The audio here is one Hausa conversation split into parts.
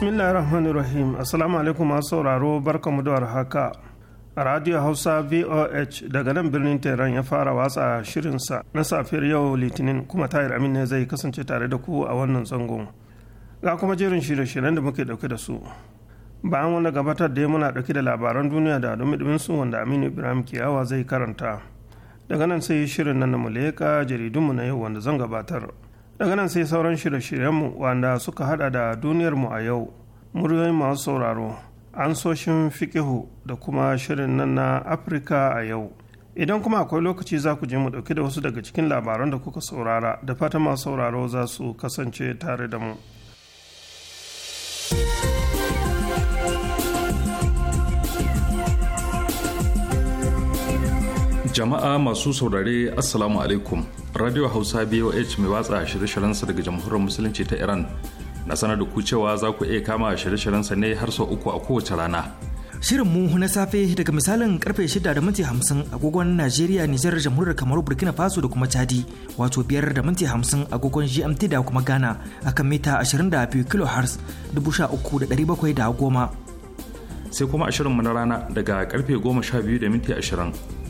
bismillahirrahmanirrahim rahmanir rahim assalamu alaikum masu sauraro barkamu da Haka. a radio hausa voh daga nan birnin tehran ya fara watsa shirinsa na safiyar yau litinin kuma tahir amin ne zai kasance tare da ku a wannan zangon ga kuma jerin shirye-shiryen da muke dauke da su bayan wanda gabatar da muna dauke da labaran duniya da dumi su wanda aminu ibrahim kiyawa zai karanta daga nan sai shirin nan na muleka jaridunmu na yau wanda zan gabatar daga nan sai sauran shirye-shiryenmu wanda suka hada da duniyarmu a yau muryoyin masu sauraro an soshin fikihu da kuma shirin nan na afirka a yau idan kuma akwai lokaci za ku je mu dauki da wasu daga cikin labaran da kuka saurara da fata masu sauraro za su kasance tare da mu jama'a masu saurare assalamu alaikum radio hausa boh mai watsa shirye shiryen sa daga jamhuriyar musulunci ta iran na sanar da ku cewa za ku iya kama shirye shiryen sa ne har sau uku a kowace rana shirin mu na safe daga misalin karfe 6 da minti 50 agogon Najeriya, Nijar, Jamhuriyar kamar Burkina Faso da kuma Chadi, wato biyar da minti 50 agogon GMT da kuma Ghana akan mita 22 kHz 13,710. Sai kuma a mu na rana daga karfe 12 da minti 20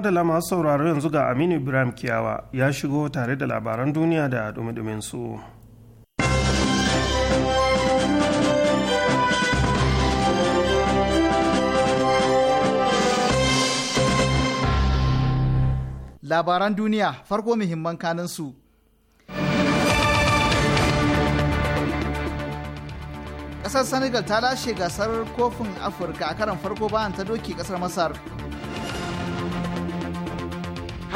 da lama sauraro yanzu ga aminu ibrahim kiyawa ya shigo tare da labaran duniya da dumi su. labaran duniya farko muhimman kanin su ƙasar senegal ta lashe gasar kofin afirka a karan farko bayan ta doki ƙasar masar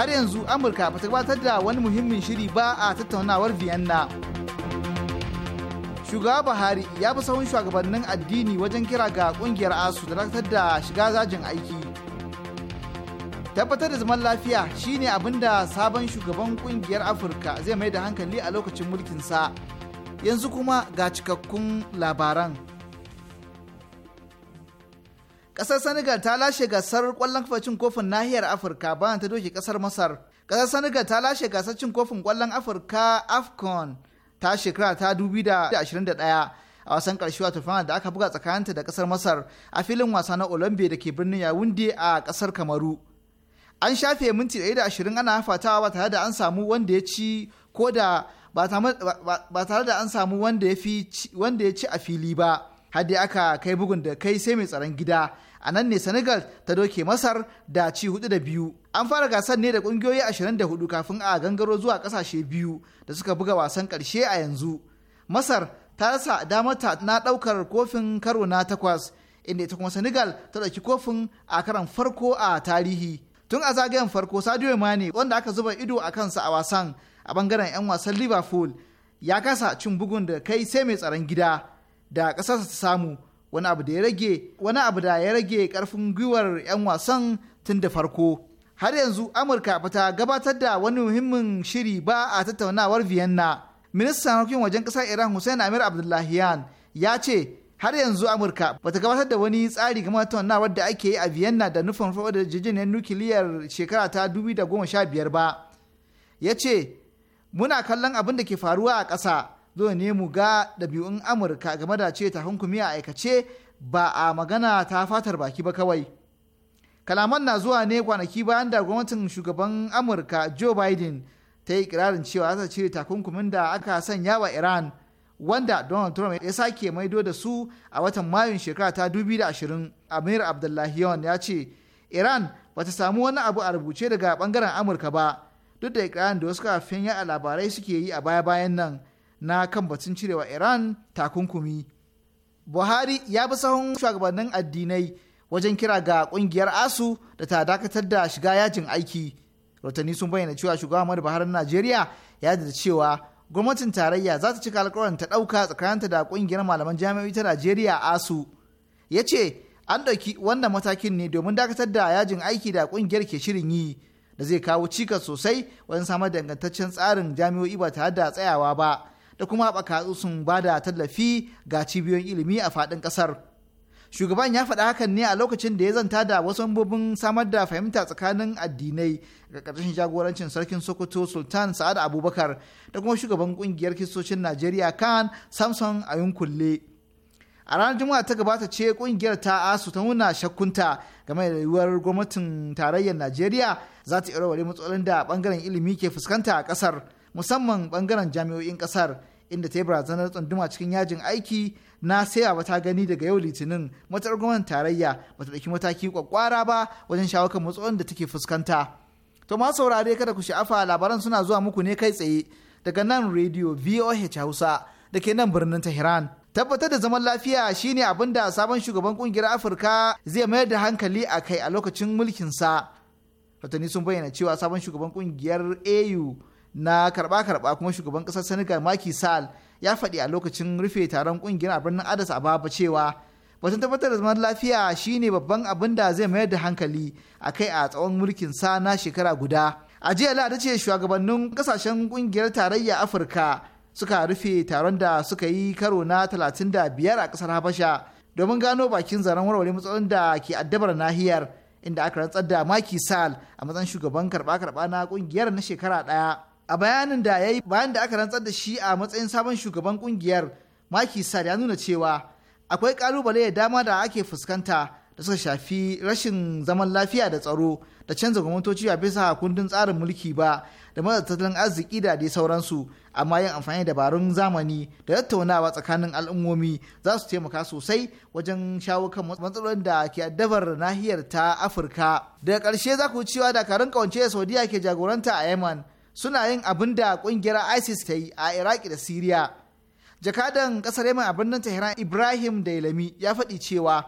har yanzu amurka ba ta gabatar da wani muhimmin shiri ba a tattaunawar vienna shugaba buhari ya fi sahun shugabannin addini wajen kira ga kungiyar asu da dakatar da shiga zajin aiki tabbatar da zaman lafiya shine abin da sabon shugaban kungiyar afirka zai mai da hankali a lokacin mulkinsa yanzu kuma ga cikakkun labaran kasar Senegal ta lashe gasar kwallon kafa cin kofin nahiyar Afirka bayan ta doke kasar Masar. kasar Senegal ta lashe gasar cin kofin kwallon Afirka AFCON ta shekara ta 2021 a wasan karshe wato da aka buga tsakaninta da kasar Masar a filin wasa na Olambe da ke birnin yahundi a kasar Kamaru. An shafe minti 120 ana hafatawa ba tare da an samu wanda ya ci ko da ba tare da an samu wanda ya ci a fili ba. Har aka kai bugun da kai sai mai tsaron gida a nan ne senegal ta doke masar da ci hudu da biyu an fara gasar ne da kungiyoyi 24 kafin a gangaro zuwa kasashe biyu da suka buga wasan karshe a yanzu masar ta rasa damar ta na daukar kofin karo na takwas inda ita kuma senegal ta dauki kofin a karan farko a tarihi tun a zagayen farko sadio mane wanda aka zuba ido a kansa a wasan a bangaren 'yan wasan liverpool ya kasa cin bugun da kai sai mai tsaron gida da kasarsa ta samu wani abu da ya rage wani abu da ya rage karfin gwiwar 'yan wasan tun da farko har yanzu amurka ba ta gabatar da wani muhimmin shiri ba a tattaunawar vienna ministan harkokin wajen ƙasar iran hussein amir abdullahiyan ya ce har yanzu amurka ba ta gabatar da wani tsari game tattaunawar da ake yi a vienna da nufin faɗa da jijiyar nukiliyar shekara ta biyar ba ya ce muna kallon abin da ke faruwa a ƙasa zo ne mu ga ɗabi'un amurka game da ce takunkumi a aikace ba a magana ta fatar baki ba kawai kalaman na zuwa ne kwanaki bayan da gwamnatin shugaban amurka joe biden ta yi ikirarin cewa za ta ce takunkumin da aka sanya wa iran wanda donald trump ya sake maido da su a watan mayun shekara ta da 2020 amir abdullahiyon ya ce iran ba ta samu wani abu a rubuce daga bangaren amurka ba duk da ikirarin da wasu kafin ya labarai suke yi a baya-bayan nan na kan batun cirewa Iran takunkumi. Buhari ya bi sahun shugabannin addinai wajen kira ga kungiyar ASU da ta dakatar da shiga yajin aiki. Rotani sun bayyana cewa shugaban Muhammadu Buhari na Najeriya ya da cewa gwamnatin tarayya za ta cika alkawarin ta ɗauka tsakaninta da kungiyar malaman jami'o'i ta Najeriya ASU. Ya ce an ɗauki wannan matakin ne domin dakatar da yajin aiki da kungiyar ke shirin yi da zai kawo cikas sosai wajen samar da ingantaccen tsarin jami'o'i ba tare da tsayawa ba. da kuma haɓaka sun ba da tallafi ga cibiyoyin ilimi a faɗin ƙasar. Shugaban ya faɗa hakan ne a lokacin da ya zanta da wasu mambobin samar da fahimta tsakanin addinai ga ƙarshen jagorancin sarkin Sokoto Sultan Sa'ad Abubakar da kuma shugaban ƙungiyar Kiristocin Najeriya kan Samson Ayunkulle. a ranar juma'a ta gabata ce kungiyar ta asu ta nuna shakkunta game da yiwuwar gwamnatin tarayyar najeriya za ta iya matsalolin da bangaren ilimi ke fuskanta a ƙasar, musamman bangaren jami'o'in ƙasar. inda ta yi barazanar tsunduma cikin yajin aiki na sai a ta gani daga yau litinin matsar gwamnatin tarayya bata ɗauki mataki kwakwara ba wajen shawo kan matsalolin da take fuskanta. To ma saurare kada ku sha'afa labaran suna zuwa muku ne kai tsaye daga nan rediyo VOH Hausa da ke nan birnin Tehran. Tabbatar da zaman lafiya shine abin da sabon shugaban kungiyar Afirka zai mayar da hankali a kai a lokacin mulkinsa. Fatani sun bayyana cewa sabon shugaban kungiyar AU na karba-karba kuma shugaban kasar senegal maki sal ya faɗi a lokacin rufe taron kungiyar a birnin adas ababa cewa batun tabbatar da zaman lafiya shine babban abin da zai mayar da hankali a kai a tsawon mulkin sa na shekara guda a jiya la'ada ce shugabannin kasashen kungiyar tarayya afirka suka rufe taron da suka yi karo na talatin da biyar a kasar habasha domin gano bakin zaren warware matsalolin da ke addabar nahiyar inda aka rantsar da maki sal a matsayin shugaban karba-karba na kungiyar na shekara ɗaya. a bayanin da ya yi bayan da aka rantsar da shi a matsayin sabon shugaban kungiyar maki sar ya nuna cewa akwai kalubale da dama da ake fuskanta da suka shafi rashin zaman lafiya da tsaro da canza gwamnatoci a bisa kundin tsarin mulki ba da matsa tattalin arziki da dai sauransu amma yin amfani da dabarun zamani da tattaunawa tsakanin al'ummomi za su taimaka sosai wajen shawo kan matsalolin da ke addabar nahiyar ta afirka daga ƙarshe za ku cewa dakarun kawance saudiya ke jagoranta a yaman suna yin abin da kungiyar isis ta yi a iraki da siriya jakadan kasar yaman a birnin tehran ibrahim dailami ya faɗi cewa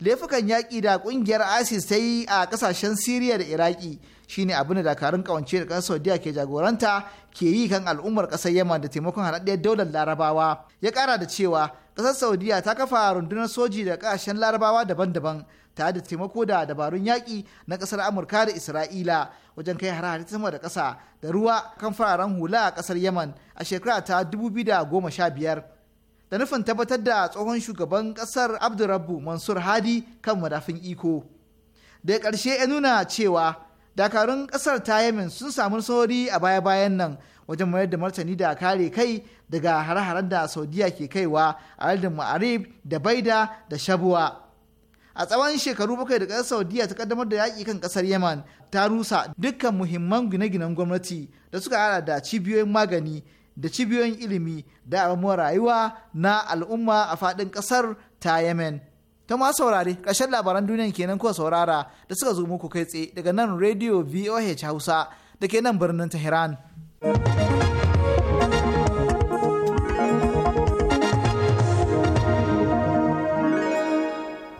laifukan yaƙi da kungiyar isis ta yi a ƙasashen siriya da iraki shine abin da dakarun kawance da kasar saudiya ke jagoranta ke yi kan al'ummar ƙasar yaman da taimakon haɗaɗɗiyar daular larabawa ya ƙara da cewa ƙasar saudiya ta kafa rundunar soji da ƙasashen larabawa daban-daban tare da taimako da dabarun yaƙi na ƙasar amurka da isra'ila wajen kai hare-hare sama da ƙasa da ruwa kan fararen hula a ƙasar yaman a shekara ta 2015 da nufin tabbatar da tsohon shugaban ƙasar abdurrabu mansur hadi kan madafin iko da ƙarshe ya nuna cewa dakarun kasar ta yamin sun samu sauri a baya-bayan nan wajen mayar da martani da kare kai daga har haren da saudiya ke kaiwa a yadda ma'arib da baida da shabuwa a tsawon shekaru bakwai da ƙasar saudiya ta kaddamar da yaƙi kan ƙasar yaman ta rusa dukkan muhimman gine-ginen gwamnati da suka hada da cibiyoyin magani da cibiyoyin ilimi da rayuwa na al'umma a faɗin ƙasar ta yemen ta ma saurare ƙarshen labaran duniya kenan kuwa saurara da suka zo muku kai tsaye daga nan radio voh hausa da ke nan birnin tehran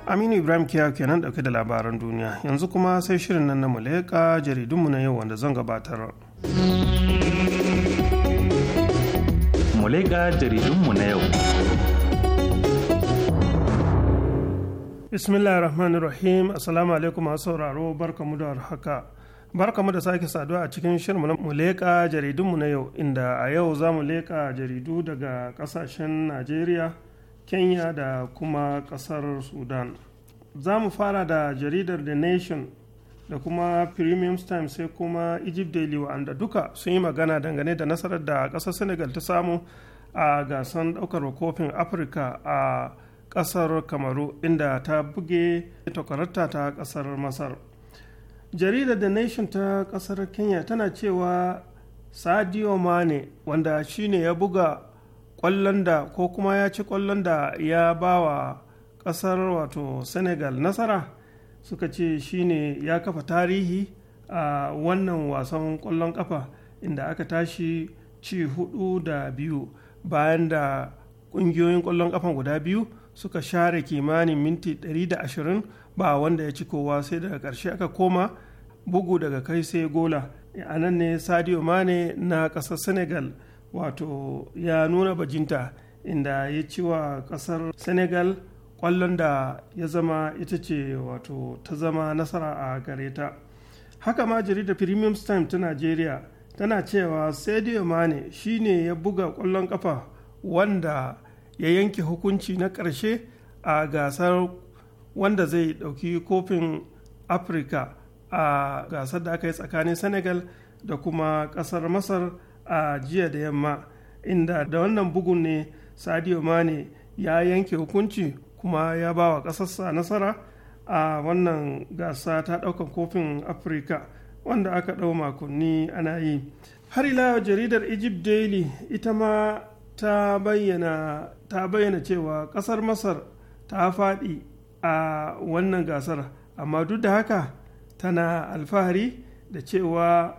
aminu ibrahim kiyawa kenan dauke da labaran duniya yanzu kuma sai shirin nan na muleka jaridunmu na yau wanda zan gabatar muleka jaridunmu na yau bismillah rahmanir rahim assalamu alaikum masu sauraro barkamu da haka barkamu da sake saduwa a cikin shirin na muleka mu na yau inda a yau za mu leka jaridu daga kasashen najeriya kenya da kuma kasar sudan za mu fara da jaridar the nation da kuma premium times sai kuma egypt daily wa'anda duka sun yi magana dangane da nasarar da ƙasar senegal ta samu a gasan daukar kofin afirka a kasar kamaru inda ta buge takwararta ta kasar masar jaridar the nation ta kasar kenya tana cewa sadio mane wanda shine ya buga kwallon da ko kuma ya ci kwallon da ya bawa kasar wato senegal nasara suka ce shine ya kafa tarihi a wannan wasan kwallon kafa inda aka tashi ci hudu da biyu bayan da kungiyoyin kwallon kafan guda biyu suka share kimanin minti 120 ba wanda ya ci kowa sai daga ƙarshe aka koma bugu daga kai sai gola a nan ne sadio mane na ƙasar senegal wato ya nuna bajinta inda ya ci wa ƙasar senegal ƙwallon da ya zama ita ce wato ta zama nasara a gare ta haka ma jaridar premium time ta nigeria tana cewa sadio mane shine ya buga ƙwallon kafa wanda ya yanke hukunci na ƙarshe a gasar wanda zai ɗauki kofin afirka a gasar da aka yi tsakanin senegal da kuma ƙasar masar a jiya da yamma inda da wannan bugun ne sadio mane ya yanke hukunci kuma ya ba wa ƙasarsa nasara a wannan gasa ta ɗaukar kofin afirka wanda aka ɗau makonni ana yi har ila jaridar egypt daily ita ma ta bayyana ta bayyana cewa ƙasar masar ta faɗi a wannan gasar amma duk da haka tana alfahari da cewa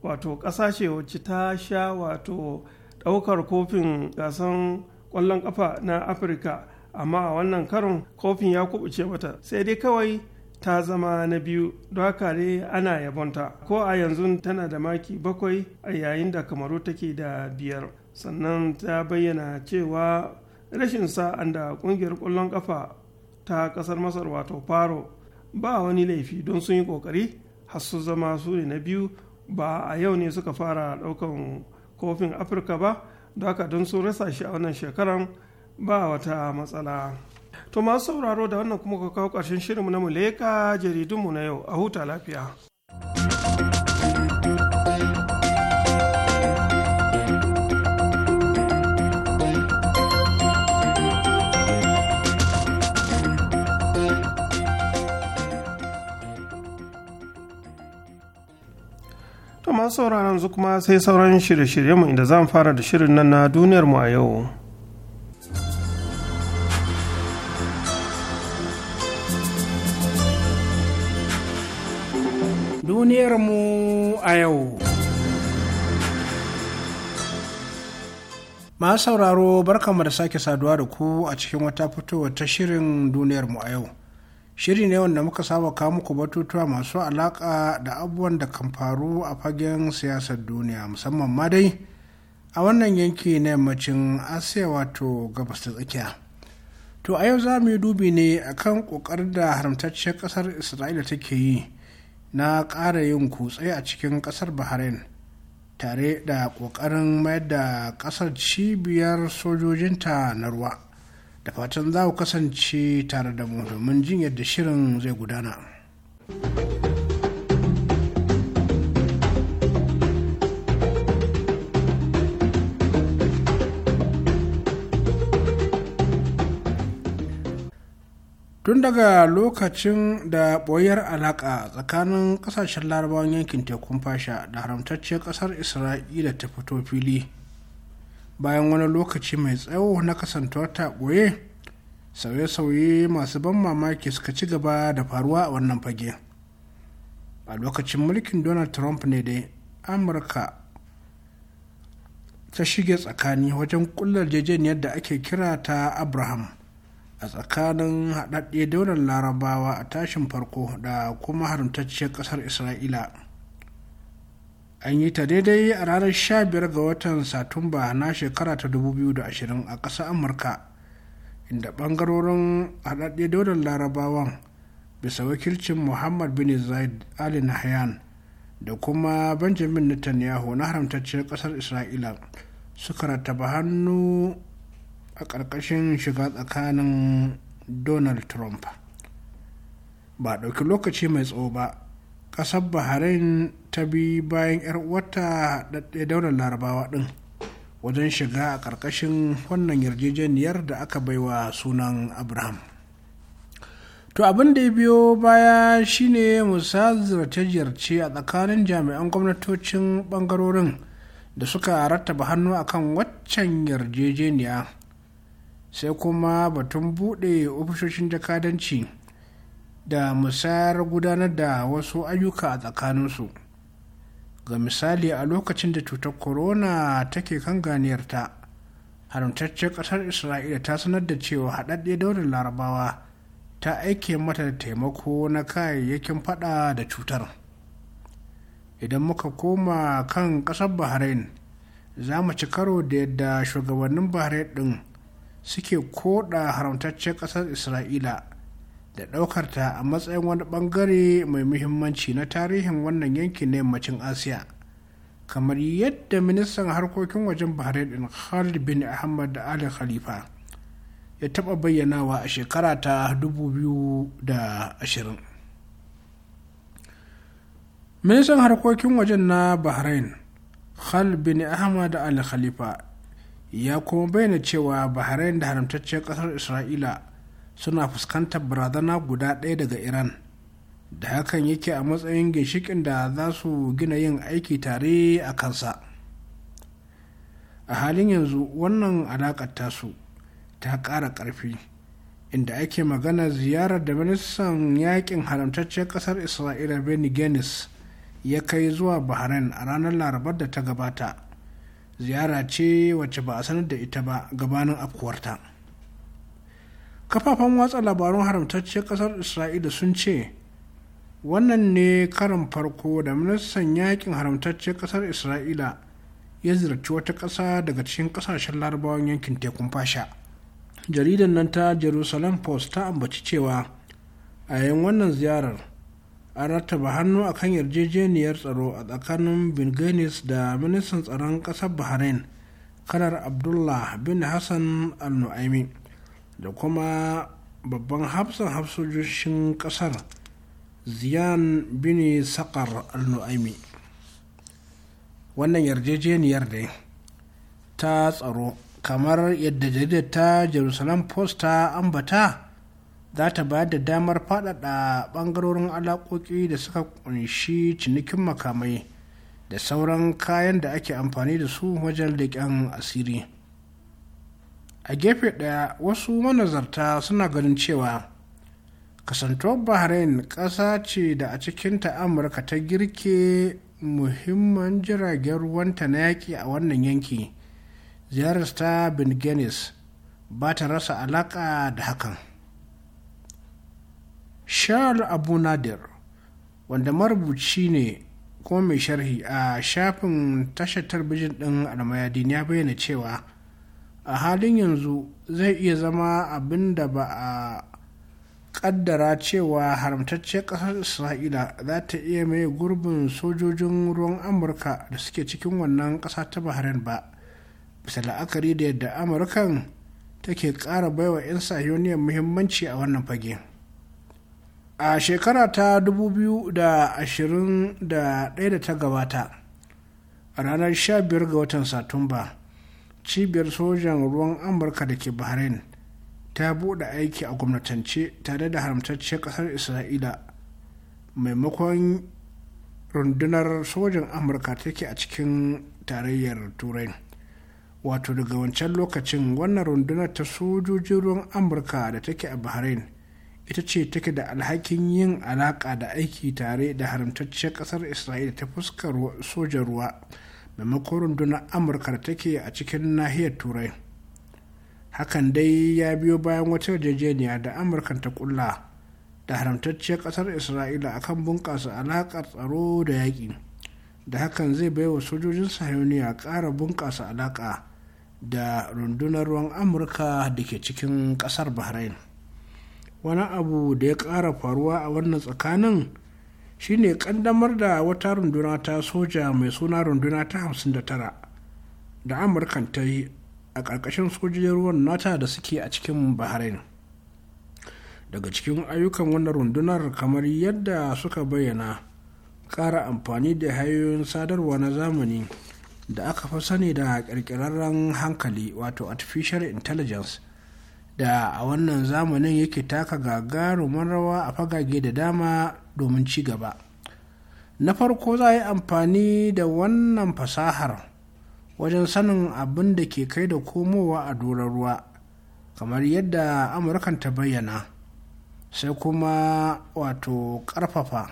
wato ƙasa ce wacce ta sha wato ɗaukar kofin gasan ƙwallon ƙafa na afirka amma a wannan karon kofin ya kubuce mata sai dai kawai ta zama na biyu don haka ne ana yabonta ko a yanzu tana da maki bakwai a yayin da kamaru take da biyar sannan ta bayyana cewa rashin sa'an da ƙungiyar ƙwallon ƙafa ta ƙasar masar wato faro ba wani laifi don sun yi ƙoƙari har zama su ne na biyu ba a yau ne suka fara ɗaukan kofin afirka ba da haka don sun rasa shi a wannan shekaran ba wata matsala to masu sauraro da wannan kuma ka kawo ƙarshen shirinmu na muleka jaridunmu na yau a huta lafiya masu sauraron yanzu kuma sai sauran shirye-shiryenmu inda zan fara da shirin nan na duniyarmu a yau. Duniyarmu a yau. Masu sauraro barkanmu da sake saduwa da ku a cikin wata fitowa ta shirin duniyarmu a yau. shiri ne wanda muka saba kawo muku batutuwa masu alaƙa da abubuwan da kan faru a fagen siyasar duniya musamman ma dai a wannan yanki na yammacin asiya wato gabas ta tsakiya to a yau za mu yi dubi ne akan ƙoƙarin da haramtacciyar ƙasar isra'ila take yi na ƙara yin kutse a cikin ƙasar bahrain tare da ƙoƙarin mayar da ƙasar cibiyar sojojinta na ruwa da fatan za ku kasance tare da mu domin jin yadda shirin zai gudana. tun daga lokacin da boyar alaka tsakanin kasashen larabawan yankin tekun fasha da haramtacciyar kasar isra'ila ta fito fili bayan wani lokaci mai tsawo na kasantuwar ta ɓoye sauye-sauye masu ban mamaki suka ci gaba da faruwa a wannan fage a lokacin mulkin donald trump ne dai amurka ta shige tsakani wajen kullar jejeniyar da ake kira ta abraham a tsakanin haɗaɗɗe daular larabawa a tashin farko da kuma haramtacciyar ƙasar isra'ila an yi ta daidai a ranar 15 ga watan satumba na shekara ta 2020 a ƙasar amurka inda ɓangarorin haɗaɗɗe daular larabawan bisa wakilcin muhammad bin zaid ali nahyan da kuma benjamin netanyahu na haramtacciyar ƙasar isra'ila suka rattaba hannu a ƙarƙashin shiga tsakanin donald trump ba ɗauki lokaci mai tsawo ba ƙasar bahrain ta bi bayan 'yar wata da daular larabawa ɗin wajen shiga a ƙarƙashin wannan yarjejeniyar da aka baiwa sunan abraham to abin da ya biyo baya shine musa ziyarce-ziyarce a tsakanin jami'an gwamnatocin ɓangarorin da suka rattaba hannu akan waccan yarjejeniya sai kuma batun buɗe ofishoshin jakadanci da musayar gudanar da wasu ayyuka a tsakaninsu ga misali a lokacin da cutar corona take kan ganiyarta haramtaccen ƙasar isra'ila ta sanar da cewa haɗaɗɗe daular larabawa ta aike mata da taimako na kayayyakin fada da cutar idan muka koma kan ƙasar bahrain za mu ci karo da yadda shugabannin bahrain ɗin suke koɗa haramtaccen ƙasar isra'ila da ɗaukar ta a matsayin wani ɓangare mai muhimmanci na tarihin wannan yankin na yammacin asiya kamar yadda ministan harkokin wajen bahrain din khalid bin ahmad da ali khalifa ya taɓa bayyanawa a shekara ta 2020 ministan harkokin wajen na bahrain khalid bin ahmad da ali khalifa ya kuma bayyana cewa bahrain da haramtacciyar ƙasar isra'ila suna fuskantar barazana guda ɗaya daga iran da hakan yake a matsayin ginshikin da za su gina yin aiki tare a kansa a halin yanzu wannan alaƙar tasu ta ƙara ƙarfi inda ake magana ziyarar da ministan yakin haramtaccen ƙasar isra'ila benny genis ya kai zuwa bahrain a ranar larabar da ta gabata ziyara ce wacce ba a sanar da ita ba gabanin afkuwarta. kafafen watsa labarun haramtacciyar kasar isra'ila sun ce wannan ne karin farko da ministan yakin haramtacciyar kasar isra'ila ya ziyarci wata ƙasa daga cikin ƙasashen larabawan yankin tekun fasha jaridar nan ta jerusalem post ta ambaci cewa a yayin wannan ziyarar an rattaba hannu a kan yarjejeniyar tsaro a tsakanin bin da ministan tsaron ƙasar bahrain kanar abdullah bin hassan al-nu'aimi da kuma babban hafsan hafsojoshin kasar ziyan bini sakar al-nu'aimi wannan yarjejeniyar dai ta tsaro kamar yadda jaridar ta jerusalem post ta ambata za ta bayar da damar faɗaɗa ɓangarorin alaƙoƙi da suka kunshi cinikin makamai da sauran kayan da ake amfani da su wajen leƙen asiri a gefe ɗaya wasu manazarta suna ganin cewa kasantuwar bahrain ƙasa ce da a cikinta amurka ta girke muhimman jiragen ruwanta na yaƙi a wannan yanki ziyarar ta bin guinness ba ta rasa alaƙa da hakan charles abu nadir wanda marubuci ne kuma mai sharhi a shafin tashar talbijin ɗin almayadin ya bayyana cewa a halin yanzu zai iya zama abin da ba a kaddara cewa haramtacce ƙasar isra'ila za ta iya mai gurbin sojojin ruwan amurka da suke cikin wannan ƙasa ta bahrain ba bisa la'akari da yadda amurkan take ƙara baiwa 'yan sahiyoniyar muhimmanci a wannan fage a shekara ta 2021 da ta gabata a ranar 15 ga watan satumba cibiyar sojan ruwan amurka da ke bahrain ta buɗe aiki a gwamnatance tare da haramtacciyar ƙasar isra'ila maimakon rundunar sojan amurka take a cikin tarayyar turai wato daga wancan lokacin wannan rundunar ta sojojin ruwan amurka da take a bahrain ita ce take da alhakin yin alaƙa da aiki tare da haramtacciyar ƙasar isra'ila ta fuskar sojan ruwa maimakon rundunar amurka da take a cikin nahiyar turai hakan dai ya biyo bayan wata yarjejeniya da amurka ta kulla da haramtacciyar kasar isra'ila akan bunƙasa alaƙar tsaro da yaƙi da hakan zai bai wa sojojin sahiyoniya ƙara bunƙasa alaƙa da rundunar ruwan amurka da ke cikin ƙasar bahrain wani abu da ya ƙara faruwa a wannan tsakanin shine ƙaddamar da wata runduna ta soja mai suna runduna ta 59 da amurkan ta yi a ƙarƙashin sojojin ruwan nata da suke a cikin bahrain daga cikin ayyukan wannan rundunar kamar yadda suka bayyana ƙara amfani da hanyoyin sadarwa na zamani da aka fi sani da ƙirƙirarren hankali wato artificial intelligence da a wannan zamanin yake taka gagarumin rawa a fagage da dama domin ci gaba na farko za a yi amfani da wannan fasahar wajen sanin abin da ke kai da komowa a doron ruwa kamar yadda amurkan ta bayyana sai kuma wato karfafa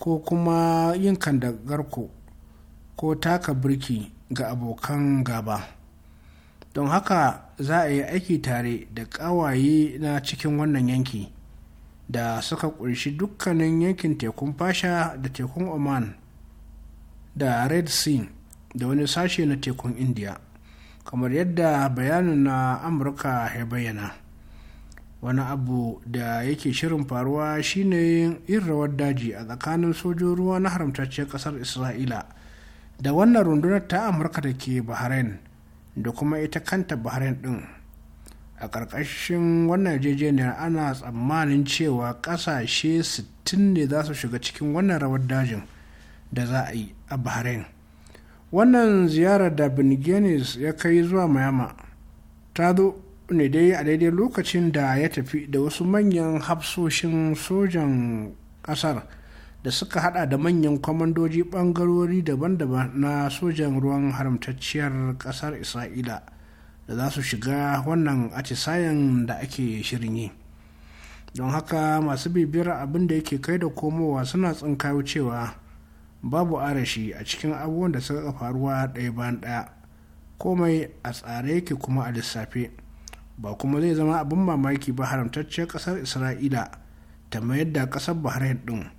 ko kuma yin kandagarko ko taka birki ga abokan gaba. don haka za a yi aiki tare da ƙawaye na cikin wannan yanki da suka ƙunshi dukkanin yankin tekun fasha da tekun oman da red sea da wani sashe na tekun india kamar yadda bayanin na amurka ya bayyana wani abu da yake shirin faruwa shine yin rawar daji a tsakanin sojin ruwa na haramtacciyar kasar isra'ila da wannan rundunar ta amurka da ke bahrain da kuma ita kanta bahrain din a ƙarƙashin wannan yarjejeniyar ana tsammanin cewa ƙasashe 60 ne za su shiga cikin wannan rawar dajin da za a yi a bahrain wannan ziyarar da benignis ya kai zuwa mayama ta zo ne dai a daidai lokacin da ya tafi da wasu manyan hafsoshin sojan ƙasar da suka hada da manyan kwamandoji bangarori daban-daban na sojan ruwan haramtacciyar kasar isra'ila da za su shiga wannan atisayen da ake shirin yi don haka masu bibiyar abin da yake kai da komowa suna tsinkayo cewa babu arashi a cikin abubuwan da suka faruwa ɗaya bayan ɗaya komai a tsare yake kuma a lissafe ba kuma zai zama abin mamaki ba haramtacciyar ƙasar isra'ila ta mayar da ƙasar bahrain ɗin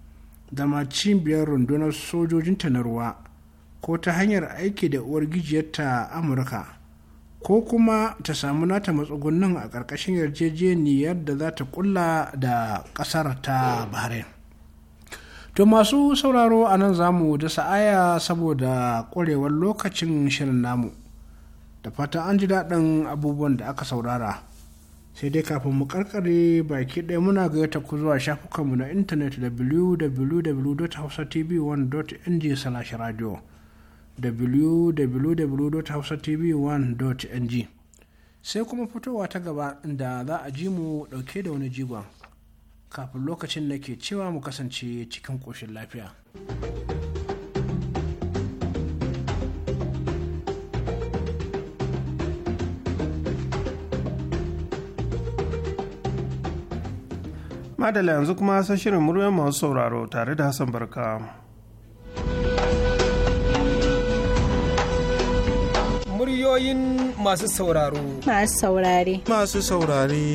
zama cibiyar rundunar sojojinta na ruwa ko ta hanyar aiki da uwar gijiyarta amurka ko kuma ta samu nata matsugunan a ƙarƙashin yarjejeniyar da za ta kulla da ƙasar ta bahrain to masu sauraro a nan zamu da sa'aya saboda ƙwarewar lokacin shirin namu da fatan an ji daɗin abubuwan da aka saurara sai dai kafin mu karkare baki ɗaya muna gayyata ku zuwa shafukanmu na intanet www.hausatv1.ng slash radio www.hausatv1.ng sai kuma fitowa ta gaba da za a ji mu ɗauke da wani jigon kafin lokacin da ke cewa mu kasance cikin ƙoshin lafiya. madala yanzu kuma san shirin muryar masu sauraro tare da hassan barka muryoyin masu sauraro masu saurare masu saurare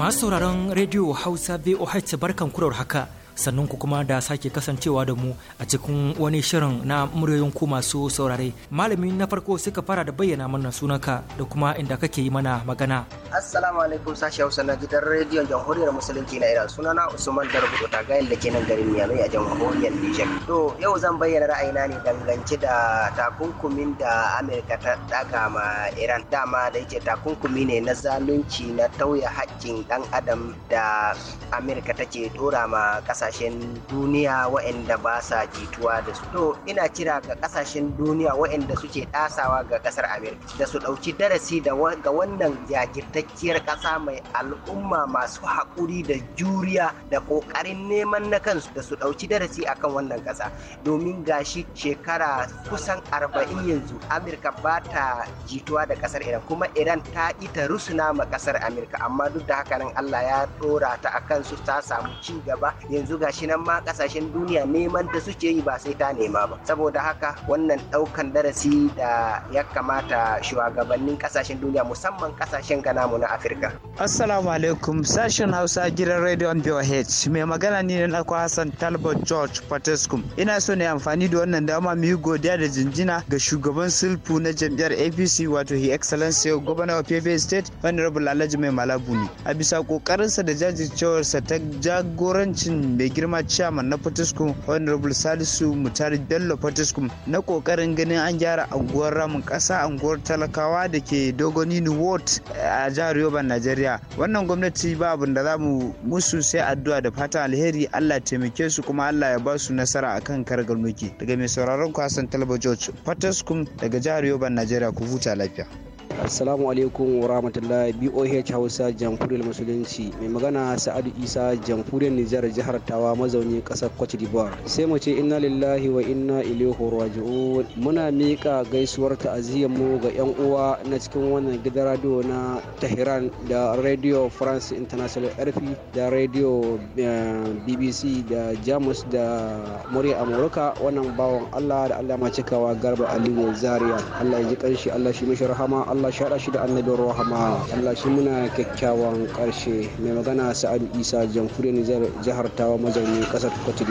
masu sauraron rediyo hausa voh barkan kurar haka sannan ku kuma da sake kasancewa da mu a cikin wani shirin na muryoyin ku masu saurare malami na farko suka fara da bayyana mana sunanka da kuma inda kake yi mana magana assalamu alaikum sashi hausa na gidan rediyon jamhuriyar musulunci na iran sunana usman darbu da gayin da ke nan garin yamai a jamhuriyar nijar to yau zan bayyana ra'ayina ne dangance da takunkumin da amurka ta daga ma iran dama da yake takunkumi ne na zalunci na tauye haƙƙin ɗan adam da amurka take dora ma ƙasa kasashen duniya waɗanda ba sa jituwa da su to ina kira ga kasashen duniya waɗanda suke ɗasawa ga ƙasar amerika da su ɗauki darasi ga wannan jagirtacciyar ƙasa mai al'umma masu haƙuri da juriya da ƙoƙarin neman na kansu da su ɗauki darasi akan wannan ƙasa domin gashi shekara kusan arba'in yanzu amurka ba ta jituwa da ƙasar iran kuma iran ta ita rusuna ma ƙasar amurka amma duk da haka nan allah ya ɗora ta akan su ta samu ci gaba yanzu ga shi nan ma kasashen duniya neman da suke yi ba sai ta nema ba saboda haka wannan daukan darasi da ya kamata shugabannin kasashen duniya musamman kasashen gana mu na afirka assalamu alaikum sashen hausa gidan radio bh mai magana ne na kwa hassan talbot george patescum ina so ne amfani da wannan dama mu yi godiya da jinjina ga shugaban sulfu na jam'iyyar apc wato his excellency governor of Pepe state honorable alhaji mai malabu ne a bisa kokarinsa da jajircewarsa ta jagorancin mai mai girma chairman na Fortescue Honorable Salisu Mutari Bello Fortescue na kokarin ganin an gyara anguwar ramin kasa anguwar talakawa da ke Dogoninu Ward eh, a jihar Yoban Najeriya. Wannan gwamnati ba abin da za mu musu sai addu'a da fatan alheri Allah taimake su kuma Allah ya ba su nasara akan karagar mulki. Daga mai sauraron kwasan Talba George Fortescue daga jihar Yoban Najeriya ku huta lafiya. assalamu alaikum wa rahmatullahi boh hausa jamhuriyar musulunci mai magana sa'adu isa jamhuriyar nijar jihar tawa mazaunin ƙasar cote d'ivoire sai mu ce inna lillahi wa inna ilaihi raji'un muna miƙa gaisuwar ta'aziyyar mu ga yan uwa na cikin wannan gidan radio na tehran da radio france international rfi da radio eh, bbc da jamus da murya amurka wannan bawan allah da allah ma cikawa garba aliyu zaria allah ya ji kanshi allah shi mishi rahama Allah shi hada shi da annabin rahama Allah shi muna kyakkyawan ƙarshe mai magana Sa'adu Isa jamhuriyar Nijar jihar Tawa mazaunin kasar Cote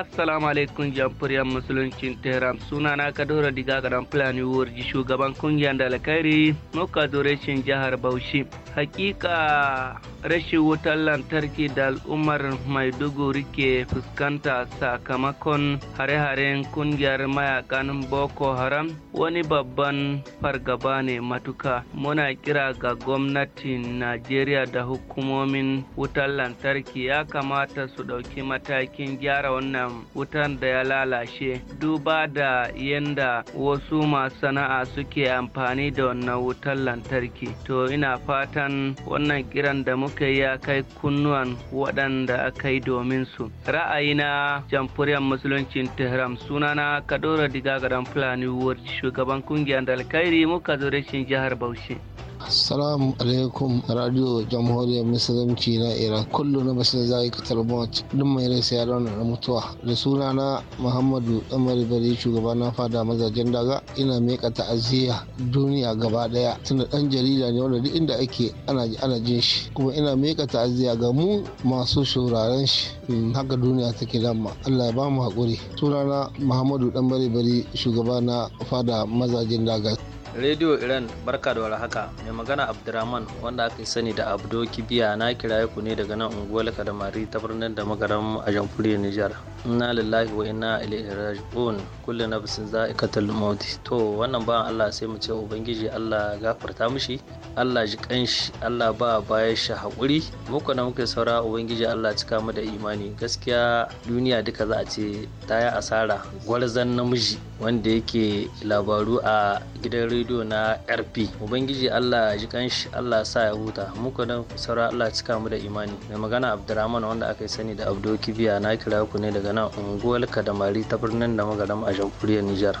assalamu alaikum jamhuriyar musuluncin tehran suna na kadora diga dan fulani wurji shugaban kungiyar da alkhairi jihar bauchi hakika rashin wutar lantarki da al'ummar maiduguri ke fuskanta sakamakon hare-haren kungiyar mayakan boko haram wani babban fargaba ne matuka muna kira ga gwamnatin najeriya da hukumomin wutar lantarki ya kamata su ɗauki matakin gyara wannan wutar da ya lalace duba da yadda wasu masana'a suke amfani da wannan wutar lantarki to ina fata kan wannan kiran da muka yi ya kai kunnuwan waɗanda aka yi domin su ra'ayina jamhuriyar musuluncin tehran sunana kadoro diga garan fulani ward shugaban kungiyar da alkhairi muka zo rashin jihar bauchi Assalamu alaikum radio jamhuriyar musulunci na Iran kullu na basu zai katar mawat duk mai rai sai yaron na mutuwa da suna na Muhammadu Umar Bari shugaba na fada mazajen daga ina meka ta'aziyya duniya gaba daya tunda dan jarida ne wanda duk inda ake ana jin shi kuma ina meka ta'aziyya ga mu masu shauraren shi mm, haka duniya take damma Allah ya bamu mu hakuri suna na Muhammadu Dan Bari Bari shugaba na fada mazajen daga Radio Iran barka da warhaka mai magana Abdurrahman wanda aka sani da Abdo Kibiya na kiraye ku ne daga nan unguwar Kadamari ta birnin da magaram a jamhuriyar Nijar. Inna lillahi wa inna ilaihi raji'un kullu nafsin za'iqatul maut. To wannan ba Allah sai mu ce ubangiji Allah gafarta mishi, Allah ji kanshi, Allah ba baya shi hakuri. Muku na muke saura ubangiji Allah cika mu da imani. Gaskiya duniya duka za a ce ta yi asara gwarzan namiji. wanda yake labaru a gidan rediyo na rp ubangiji allah ji kanshi allah sa ya huta muka nan saura allah cika mu da imani mai magana abdurrahman wanda aka yi sani da abdo kibiya na kira ku ne daga nan unguwar kadamari ta birnin da magaram a jamhuriyar nijar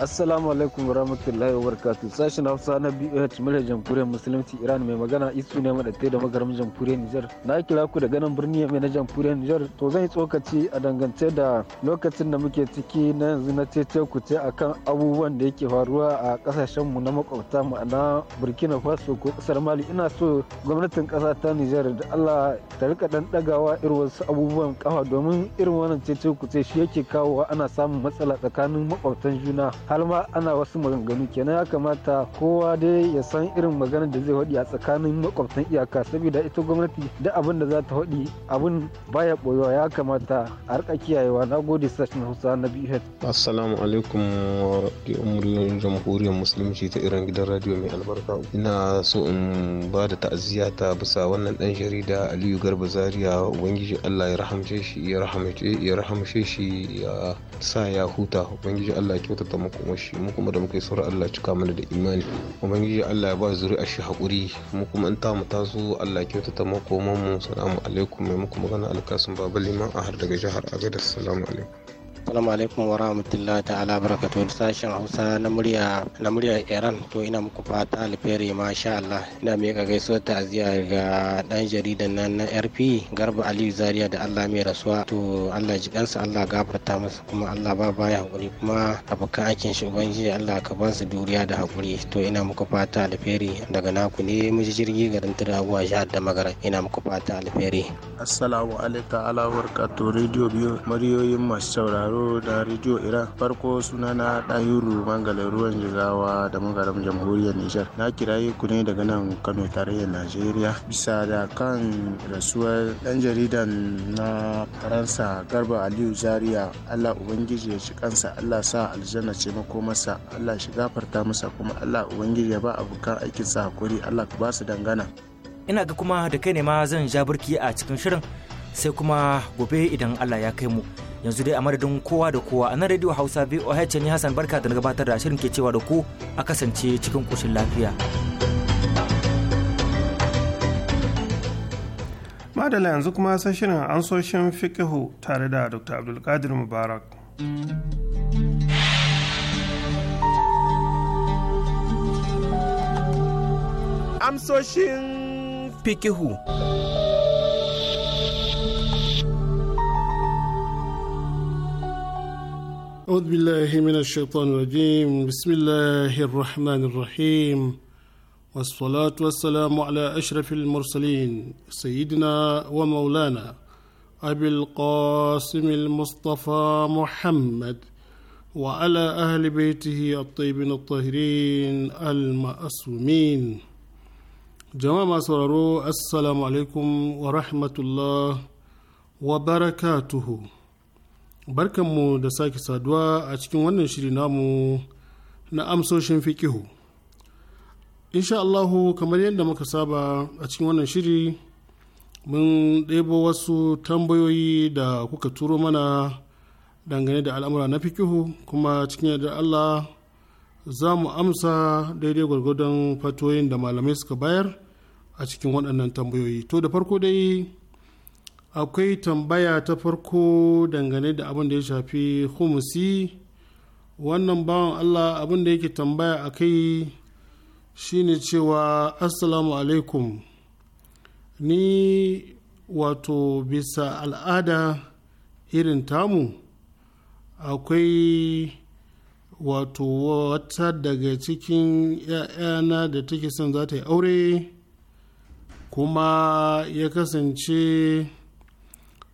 assalamu alaikum wa barakatu. sashen hausa na bh murya jamhuriyar musulunci iran mai magana isu ne madatte da magaram jamhuriyar nijar na kira ku da ganin birni mai na jamhuriyar nijar to zan yi tsokaci a dangance da lokacin da muke ciki na yanzu na cece ku ce akan abubuwan da yake faruwa a kasashen mu na makwabta mu na burkina faso ko kasar mali ina so gwamnatin kasa ta nijar da allah ta rika dan dagawa irin wasu abubuwan kafa domin irin wannan cece ku ce shi yake kawowa ana samun matsala tsakanin makwabtan juna halma ana wasu maganganu kenan ya kamata kowa dai ya san irin magana da zai haɗi a tsakanin makwabtan iyaka saboda ita gwamnati da abin da za ta haɗi abin baya ɓoyewa ya kamata a rika kiyayewa na gode sashen hausa na bh assalamu alaikum wa umuriyoyin jamhuriyar musulunci ta iran gidan radio mai albarka ina so in ba da ta'aziyya ta bisa wannan dan jarida aliyu garba zaria ubangiji allah ya rahamce shi ya rahamce shi ya sa ya huta ubangiji allah ya kyautata mu makomashi mu kuma da muke yi sauran Allah cika mana da imani ubangiji Allah ya ba zuri'a shi hakuri mu kuma in ta mu taso Allah kyautata makoman mu salamu alaikum mai muku magana alkasun baba liman a har daga jihar agadas salamu alaikum Salamu alaikum wa rahmatullahi ta'ala barakatuhu sashen Hausa na murya na murya Iran to ina muku fata alheri masha Allah ina ga gaisuwa aziya ga dan jaridan nan na RP Garba ali Zaria da Allah mai rasuwa to Allah ji kansa Allah gafarta masa kuma Allah ba baya hakuri kuma abokan aikin shi ubangiji Allah ka ba su duriya da hakuri to ina muku fata alheri daga naku ne miji jirgi garin Tirawa jihar da Magara ina muku fata alheri Assalamu alaikum ala barakatuhu radio biyu muryoyin masu sauraro sauraro da rediyo iran farko sunana ɗayuru mangala ruwan jigawa da mangaram jamhuriyar nijar na kiraye ku ne daga nan kano tarayyar najeriya bisa da kan rasuwar ɗan jaridan na faransa garba aliyu zaria allah ubangiji ya ci kansa allah sa aljanna ce mako masa allah shi gafarta masa kuma allah ubangiji ya ba abokan sa hakuri allah ka ba su dangana ina ga kuma da kai ne ma zan ja birki a cikin shirin sai kuma gobe idan allah ya kai mu yanzu dai a madadin kowa da kowa a nan radio hausa voh ne hassan barka da na gabatar da shirin ke cewa da ku a kasance cikin koshin lafiya madala yanzu kuma san shirin ansoshin fikihu tare da dr abdulkadir mubarak amsoshin fikihu أعوذ بالله من الشيطان الرجيم بسم الله الرحمن الرحيم والصلاة والسلام على أشرف المرسلين سيدنا ومولانا أبي القاسم المصطفى محمد وعلى أهل بيته الطيبين الطاهرين المأسومين جماعة سرروا السلام عليكم ورحمة الله وبركاته barkan mu da sake saduwa a cikin wannan shiri namu na amsoshin fikihu insha Allahu kamar yadda muka saba a cikin wannan shiri mun ɗebo wasu tambayoyi da kuka turo mana dangane da al'amura na fikihu kuma cikin yadda Allah za mu amsa daidai gwargwadon fatoyin da malamai suka bayar a cikin waɗannan tambayoyi to da farko dai akwai tambaya ta farko dangane da abin da ya shafi humusi wannan bawan allah abin da yake tambaya a kai shine cewa assalamu alaikum ni wato bisa al'ada irin tamu akwai wato wata daga cikin 'ya'yana da take son za ta yi aure kuma ya kasance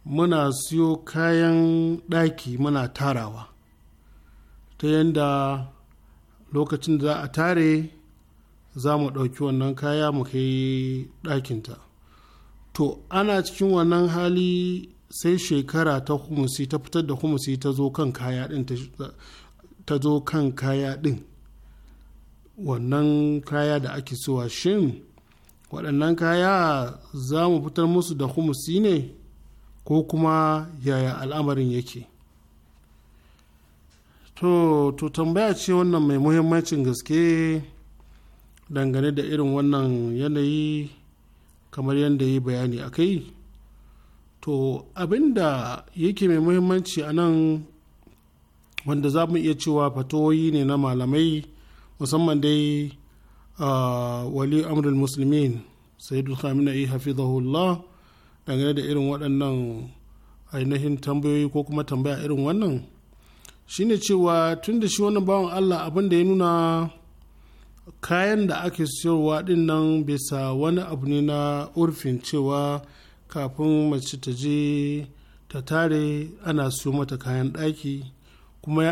muna siyo kayan ɗaki muna tarawa ta yadda lokacin da za a tare za mu ɗauki wannan kaya mu kai ɗakinta to ana cikin wannan hali sai shekara ta humusi ta fitar da humusi ta zo kan kaya ɗin ta zo kan kaya ɗin wannan kaya da ake sowa shin waɗannan kaya za mu fitar musu da humusi ne ko kuma yaya al'amarin yake to to tambaya ce wannan mai muhimmancin gaske dangane da irin wannan yanayi kamar yadda yi bayani a kai to abinda yake mai muhimmanci a nan wanda za mu iya cewa fatoyi ne na malamai musamman dai ah, wali amrul musulmin sayyidul khamenei hafizahullah dangane da irin waɗannan ainihin tambayoyi ko kuma tambaya irin wannan shine cewa tun da shi wannan bawan allah abin da ya nuna kayan da ake siyarwa din nan bisa wani abu ne na urfin cewa kafin mace ta je ta tare ana siyo mata kayan ɗaki kuma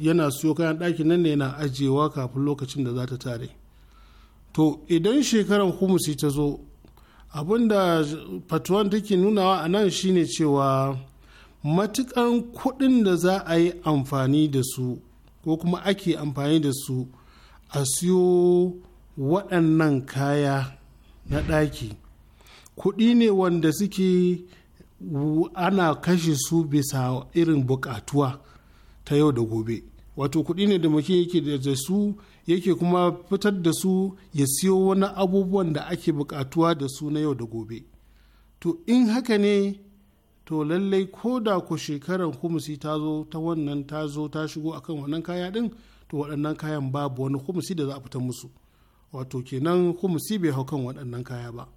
yana siyo kayan ɗaki nan ne yana ajiyewa kafin lokacin da za ta tare to idan shekarar humusi ta zo abinda fatuwan take nunawa a nan shine cewa matukan kuɗin da za a yi amfani da su ko kuma ake amfani da su a siyo waɗannan kaya na ɗaki kuɗi ne wanda suke ana kashe su bisa irin buƙatuwa ta yau da gobe wato kuɗi ne da muke yake da su yake kuma fitar da su ya siyo wani abubuwan da ake bukatuwa da su na yau da gobe to in haka ne to lallai ko da ku shekaran kumusi ta zo ta wannan ta zo ta shigo akan wannan kaya din to waɗannan kayan babu wani kumusi da za a fita musu wato kenan kumusi bai hau kan waɗannan kaya ba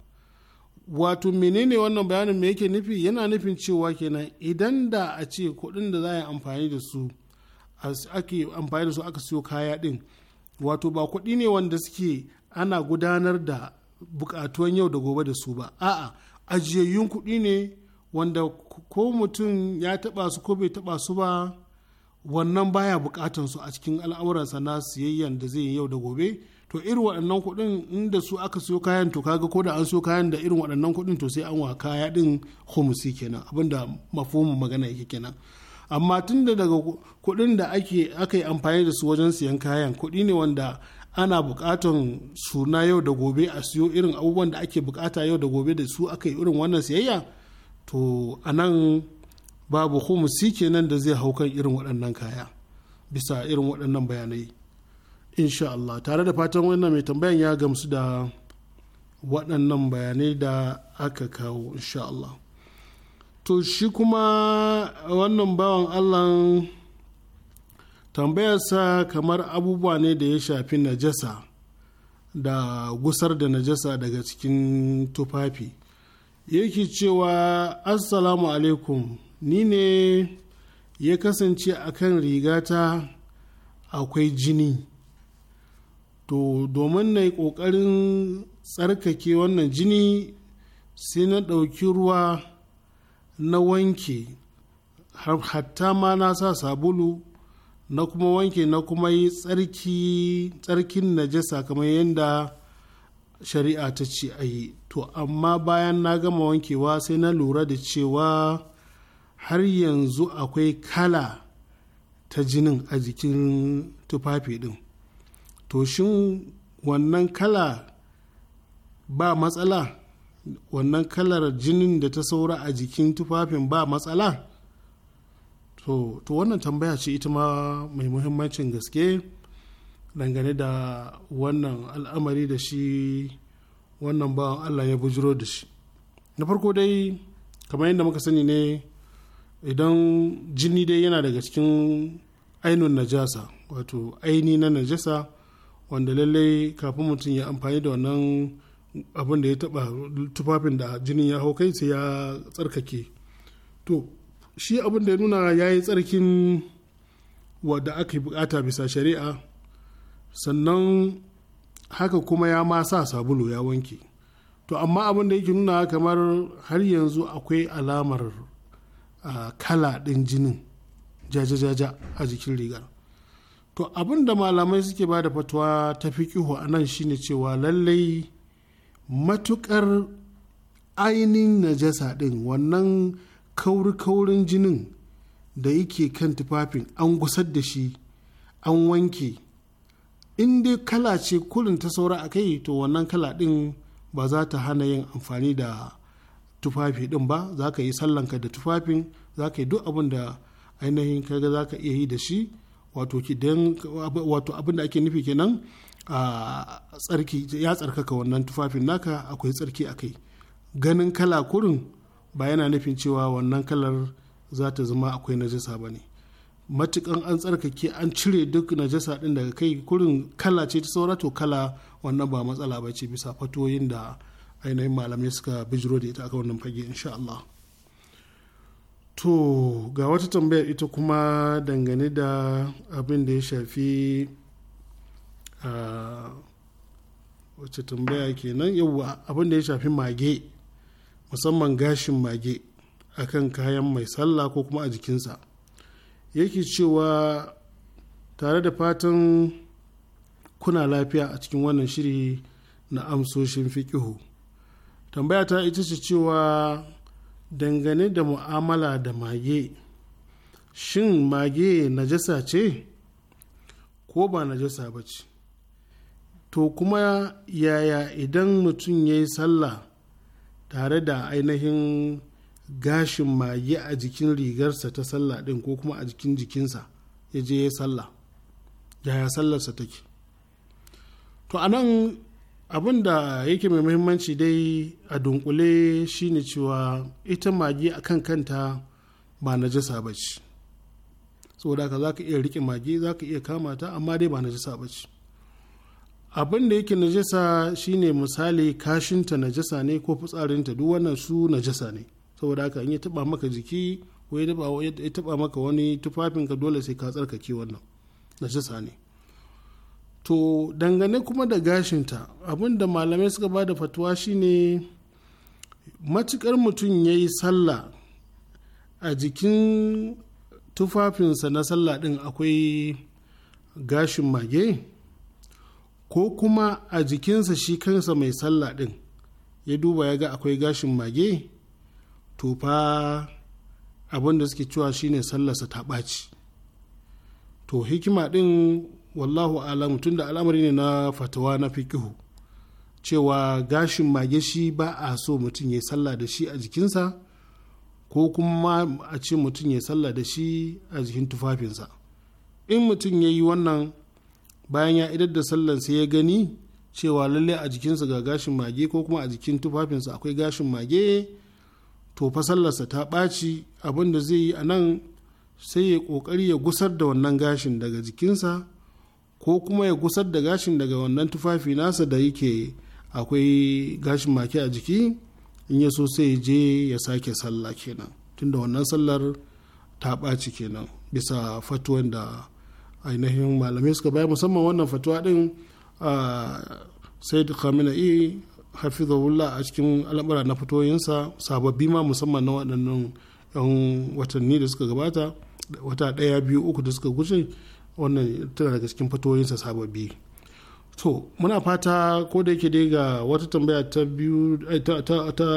wato menene wannan bayanin me yake nufi yana nufin cewa kenan idan da a ce kuɗin da za a yi amfani da su ake amfani da su aka siyo kaya din wato ba kuɗi ne wanda suke ana gudanar da bukatuwan yau da gobe da su ba a'a ajiyayyun kuɗi ne wanda ko mutum ya taɓa su ko bai taɓa su ba wannan baya bukatan su a cikin al'amuransa na siyayyan da zai yi yau da gobe to irin waɗannan kuɗin inda su aka siyo kayan to kaga ko da an siyo kayan da irin waɗannan kuɗin to sai an wa kaya ɗin humusi kenan abinda mafomin magana yake kenan amma tunda daga kuɗin da aka yi amfani da su wajen siyan kayan kuɗi ne wanda ana bukatan suna yau da gobe a siyo irin abubuwan da ake bukata yau da gobe da su aka yi irin wannan siyayya to a nan babu humusi kenan da zai hau kan irin waɗannan kaya bisa irin waɗannan bayanai insha Allah tare da fatan wannan mai tambayan ya gamsu da waɗannan bayanai da aka kawo insha Allah to shi kuma wannan bawan allah tambayarsa kamar abubuwa ne da ya shafi najasa da gusar da najasa daga cikin tufafi yake cewa assalamu alaikum ni ne ya kasance a kan rigata akwai jini to domin na yi ƙoƙarin tsarkake wannan jini sai na ɗauki ruwa na wanke hatta ma na sa sabulu na kuma wanke na kuma yi tsarki tsarkin najasa kamar yadda shari'a ta ce a yi to amma bayan na gama wankewa sai na lura da cewa har yanzu akwai kala ta jinin a jikin tufafi din to shin wannan kala ba matsala wannan kalar jinin da ta saura a jikin tufafin ba matsala to wannan tambaya ce ita ma mai muhimmancin gaske dangane da wannan al'amari da shi wannan ba allah ya bujiro da shi na farko dai kamar yadda muka sani ne idan jini dai yana daga cikin ainihin najasa wato aini na najasa wanda lallai kafin mutum ya amfani da wannan abin da ya taba tufafin da jinin ya hau kai sai ya tsarkake to shi abin da ya nuna ya yi tsarkin wadda aka yi bukata bisa shari'a sannan haka kuma ya ma sa sabulu ya wanke to amma abin da yake nuna kamar har yanzu akwai alamar kala ɗin jinin jajajaja a jikin rigar to abin da malamai suke ba da fatuwa ta fi a nan shine cewa lallai matukar ainihin najasa ɗin wannan kauri-kaurin jinin da yake kan tufafin an gusar da shi an wanke in dai kala ce kulin ta saura a kai to wannan kala ɗin ba za ta hana yin amfani da tufafi ɗin ba za ka yi sallanka da tufafin za ka yi duk abin da ainihin kaga za ka iya yi da shi wato abin da ake nufi kenan a tsarki ya tsarkaka wannan tufafin naka akwai tsarki a kai ganin kala kurin ba yana nufin cewa wannan kalar za ta zama akwai najasa ba ne matukan an tsarkake an cire duk najasa din daga kai kurin kala ce ta saura to kala wannan ba matsala ba ce bisa fatoyin da ainihin malamai suka bijiro da ita aka wannan fage insha Allah to ga wata tambayar ita kuma dangane da abin da ya shafi Ah, wacce tambaya kenan yau abin da ya shafi mage musamman gashin mage a kan kayan mai sallah ko kuma a jikinsa yake cewa tare da fatan kuna lafiya a cikin wannan shiri na amsoshin fikihu tambaya ta ita ce cewa dangane da mu'amala da mage shin mage najasa ce ko ba najasa ba ce to kuma yaya idan mutum ya yi sallah tare da ainihin gashin mage a jikin rigarsa ta sallah ɗin ko kuma a jikin jikinsa ya je ya sallah yaya sallarsa take to a nan abin da yake mai muhimmanci dai a dunkule shine cewa ita mage a kan kanta ba najasa ba ce saboda ka za ka iya riƙe mage za ka iya kama ta amma dai ba najasa ba ce abin da yake najasa shine misali kashinta najasa ne ko fitsarinta duk wannan su najasa ne saboda haka in ya taba maka jiki ko ya taba maka wani tufafinka dole sai ka tsarkake wannan najasa ne to dangane kuma da gashinta abin da malamai suka ba da fatuwa shine matukar mutum ya yi sallah a jikin tufafinsa na sallah din akwai gashin mage ko kuma a jikinsa shi kansa mai sallah ɗin ya duba ya ga akwai gashin mage to fa abin da suke cewa shine sallarsa ta ɓaci to hikima ɗin wallahu alamu tunda al'amari ne na fatawa na fikihu cewa gashin mage shi ba a so mutum ya sallah da shi a jikinsa ko kuma a ce mutum ya sallah da shi a jikin tufafinsa in mutum ya yi wannan bayan ya idar da sallan sai ya gani cewa lalle a jikinsa ga gashin mage ko kuma a jikin tufafinsa akwai gashin mage to fa sallarsa ta ɓaci abin da zai yi a nan sai ya ƙoƙari ya gusar da wannan gashin daga jikinsa ko kuma ya gusar da gashin daga wannan tufafi nasa da yake akwai gashin mage a jiki in ya so sai ya je ya sake sallah kenan tunda wannan sallar ta ɓaci kenan bisa fatuwan da ainihin malamai suka bayar musamman wannan fatuwa din said khamenei wula a cikin al'amura na fatoyinsa sababbi ma musamman na waɗannan 'yan watanni da suka gabata wata ɗaya biyu uku da suka wuce wannan tana daga cikin fatoyinsa sababbi to muna fata ko da yake daga ga wata tambaya ta biyu eh, ta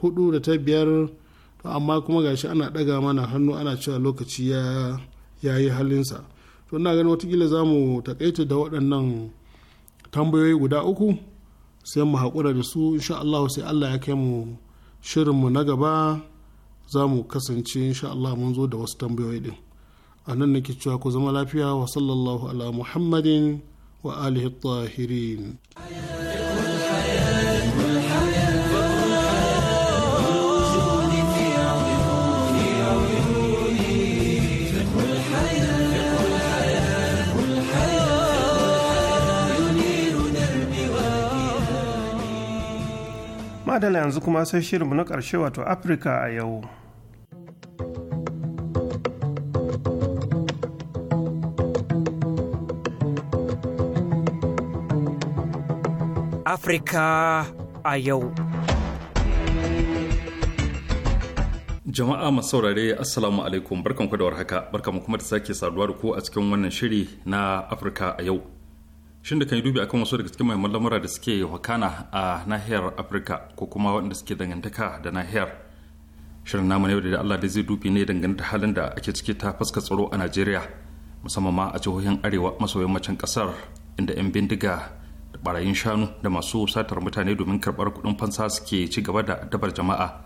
hudu da ta biyar amma kuma gashi ana ɗaga mana hannu ana cewa lokaci ya yi halinsa to ina ganin watakila za mu takaita da waɗannan tambayoyi guda uku sai mu haƙura da su insha Allah sai Allah ya kai mu shirin mu na gaba za mu kasance insha Allah mun zo da wasu tambayoyi din a nan nake cewa ku zama lafiya wa sallallahu ala muhammadin wa alihi tahirin madala yanzu kuma sai shirinmu na ƙarshe wato afirka a yau Afirka a yau. Jama'a masu saurare Assalamu alaikum barkan da haka, barkan kuma da sake saduwa da ku a cikin wannan shiri na Afirka a yau. shin da kan yi dubi akan wasu daga cikin muhimman lamura da suke wakana a nahiyar afirka ko kuma waɗanda suke dangantaka da nahiyar shirin namu na yau da allah da zai dubi ne dangane da halin da ake ciki ta fuskar tsaro a najeriya musamman ma a jihohin arewa maso yammacin kasar. inda 'yan bindiga da barayin shanu da masu satar mutane domin karbar kuɗin fansa suke ci gaba da dabar jama'a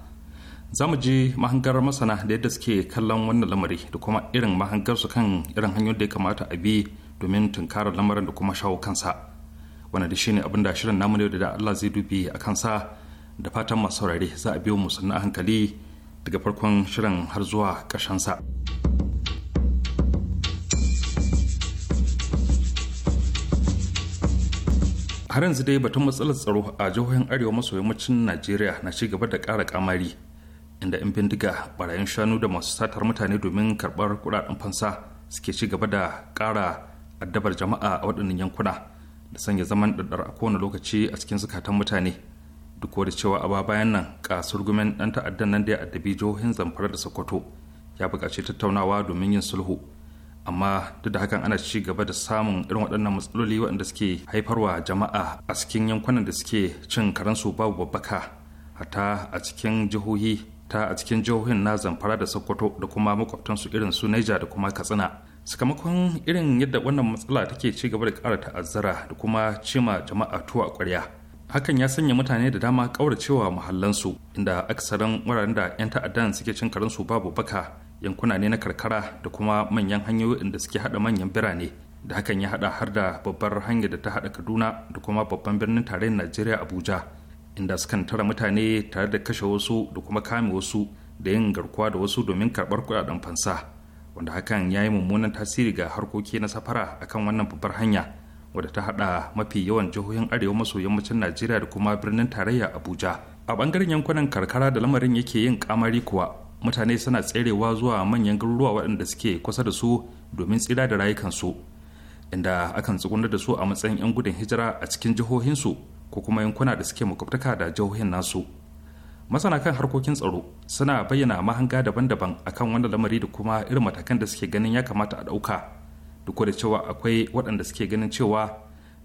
za mu ji mahangar masana da yadda suke kallon wannan lamari da kuma irin mahangarsu kan irin hanyoyin da ya kamata a bi domin tunkara lamarin da kuma shawo kansa wanda da shine abin da shirin namu ne da Allah zai dubi a kansa da fatan masu saurare za a biyo musu sannan hankali daga farkon shirin har zuwa ƙarshen sa. har yanzu dai batun matsalar tsaro a jihohin arewa maso yammacin najeriya na ci gaba da ƙara kamari inda 'yan bindiga barayin shanu da masu satar mutane domin karɓar kuɗaɗen fansa suke ci gaba da ƙara addabar jama'a a waɗannan yankuna da sanya zaman ɗaɗɗar a kowane lokaci a cikin zukatan mutane duk da cewa a bayan nan kasar gumen ɗan ta'addan nan da ya addabi jihohin zamfara da sokoto ya buƙaci tattaunawa domin yin sulhu amma duk da hakan ana ci gaba da samun irin waɗannan matsaloli waɗanda suke haifarwa jama'a a cikin yankunan da suke cin karansu babu babbaka hatta a cikin jihohi ta a cikin jihohin na zamfara da sokoto da kuma makwabtansu irin su naija da kuma katsina sakamakon irin yadda wannan matsala take ci gaba da kara ta'azzara da kuma cima jama'a a kwarya hakan ya sanya mutane da dama ƙauracewa muhallansu inda aksarin wuraren da 'yan ta'addan suke cin karansu babu baka yankuna ne na karkara da kuma manyan hanyoyin da suke haɗa manyan birane da hakan ya haɗa har da babbar hanyar da ta haɗa kaduna da kuma babban birnin tarayyar najeriya abuja inda sukan tara mutane tare da kashe wasu da kuma kame wasu da yin garkuwa da wasu domin karɓar kuɗaɗen fansa wanda hakan ya yi mummunan tasiri ga harkoki na safara akan wannan babbar hanya wadda ta haɗa mafi yawan jihohin arewa maso yammacin najeriya da kuma birnin tarayya abuja a bangaren yankunan karkara da lamarin yake yin kamari kuwa mutane suna tserewa zuwa manyan garuruwa waɗanda suke kusa da su domin tsira da rayukansu inda akan tsugunar da su a matsayin 'yan gudun hijira a cikin jihohinsu ko kuma yankuna da suke makwabtaka da jihohin nasu masana kan harkokin tsaro suna bayyana mahanga daban-daban akan wanda lamari da kuma irin matakan da suke ganin ya kamata a ɗauka duk da cewa akwai waɗanda suke ganin cewa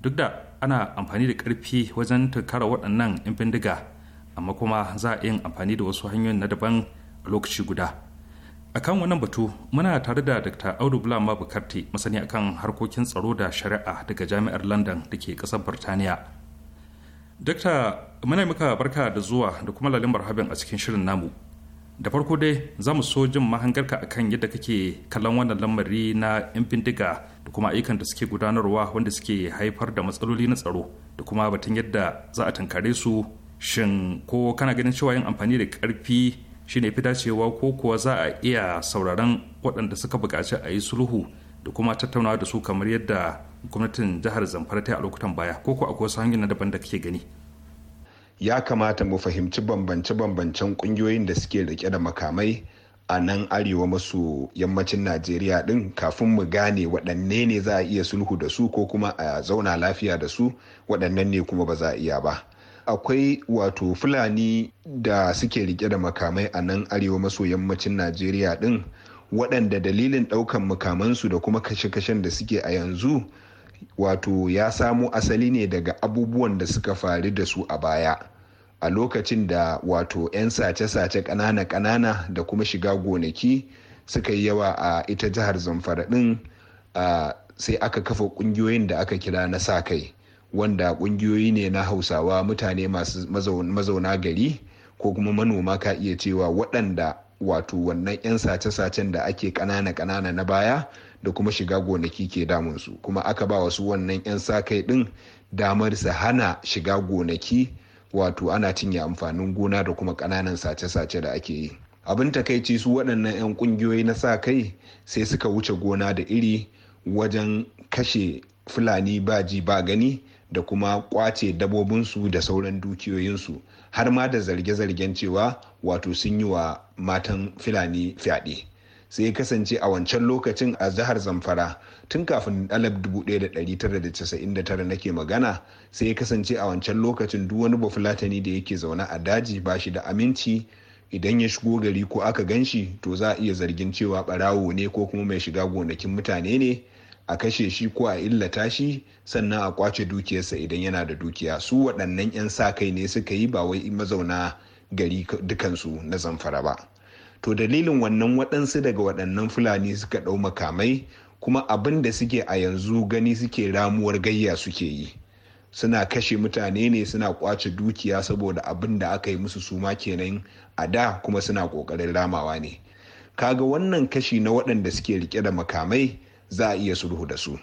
duk da ana amfani da ƙarfi wajen tunkara waɗannan 'yan bindiga amma kuma za a yin amfani da wasu hanyoyin na daban a lokaci guda a kan wannan batu muna tare da dr audu bulama bukarti masani akan harkokin tsaro da shari'a daga jami'ar london da ke ƙasar birtaniya dr muna muka barka da zuwa da kuma lalin barhaben a cikin shirin namu da farko dai za mu so jin mahangarka a kan yadda kake kallon wannan lamari na yan bindiga da kuma ayyukan da suke gudanarwa wanda suke haifar da matsaloli na tsaro da kuma batun yadda za a tankare su shin ko kana ganin cewa yin amfani da karfi shine fi dacewa ko kuwa za a iya sauraron waɗanda suka buƙaci a yi sulhu da kuma tattaunawa da su kamar yadda gwamnatin jihar zamfara ta a lokutan baya ko ko akwai wasu hanyoyi na daban da kake gani ya kamata mu fahimci bambance-bambancen kungiyoyin da suke rike da makamai a nan arewa maso yammacin najeriya din kafin mu gane waɗanne ne za a iya sulhu da su ko kuma a zauna lafiya da su waɗannan ne kuma ba za a iya ba akwai wato fulani da suke rike da makamai a nan arewa maso yammacin najeriya din waɗanda dalilin ɗaukan makamansu da kuma kashe-kashen da suke a yanzu wato ya samo asali ne daga abubuwan da suka faru da su a baya a lokacin da wato 'yan sace-sace ƙanana-ƙanana da kuma shiga gonaki suka yi yawa a ita jihar zamfara ɗin sai aka kafa ƙungiyoyin da aka kira na sa kai wanda ƙungiyoyi ne na hausawa mutane masu mazauna gari ko kuma manoma ka iya cewa waɗanda wato wannan 'yan sace-sacen da ake ƙanana-ƙanana na baya da kuma shiga gonaki ke damunsu kuma aka ba wasu wannan 'yan sa kai din damar su hana shiga gonaki wato ana cinye amfanin gona da kuma ƙananan sace-sace da ake yi abin takaici su waɗannan 'yan ƙungiyoyi na sa kai sai suka wuce gona da iri wajen kashe fulani ba ji ba gani da kuma kwace dabobinsu da sauran dukiyoyinsu har ma da zarge-zargen cewa wato sun yi wa matan fulani fyaɗe sai ya kasance a wancan lokacin a jihar zamfara tun kafin 1999 nake magana sai ya kasance a wancan lokacin duk wani bafulatani da yake zauna a daji ba shi da aminci idan ya shigo gari ko aka gan shi to za a iya zargin cewa barawo ne ko kuma mai shiga gonakin mutane ne a kashe shi ko a illata shi sannan a kwace dukiyarsa idan yana da dukiya su waɗannan 'yan sa kai ne suka yi ba wai mazauna gari dukansu na zamfara ba to dalilin wannan waɗansu daga waɗannan fulani suka ɗau makamai kuma abin da suke a yanzu gani suke ramuwar gayya suke yi suna kashe mutane ne suna kwace dukiya saboda abin da aka yi musu suma kenan a da kuma suna ƙoƙarin ramawa ne kaga wannan kashi na waɗanda suke rike da makamai za a iya sulhu da su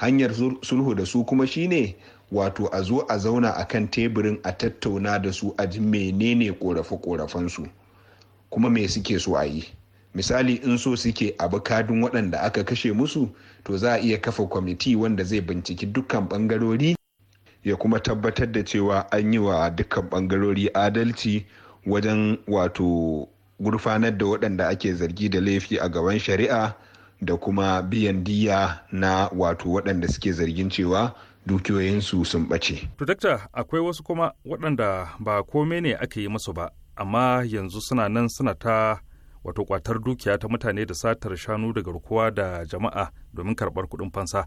hanyar sulhu da su kuma shine wato a zo a zauna a kan teburin a tattauna da su a ji menene ƙorafen su. kuma me suke so a yi misali in so suke abu kadin waɗanda aka kashe musu to za a iya kafa kwamiti wanda zai binciki dukkan bangarori. ya kuma tabbatar da cewa an yi wa dukkan bangarori adalci wajen wato gurfanar da waɗanda ake zargi da laifi a gaban shari'a da kuma biyan diya na wato waɗanda suke zargin cewa dukiyoyinsu sun ɓace. To, akwai wasu kuma waɗanda ba kome ne aka yi masu ba, amma yanzu suna nan suna ta wato kwatar dukiya ta mutane da satar shanu da garkuwa da jama'a domin karɓar kuɗin fansa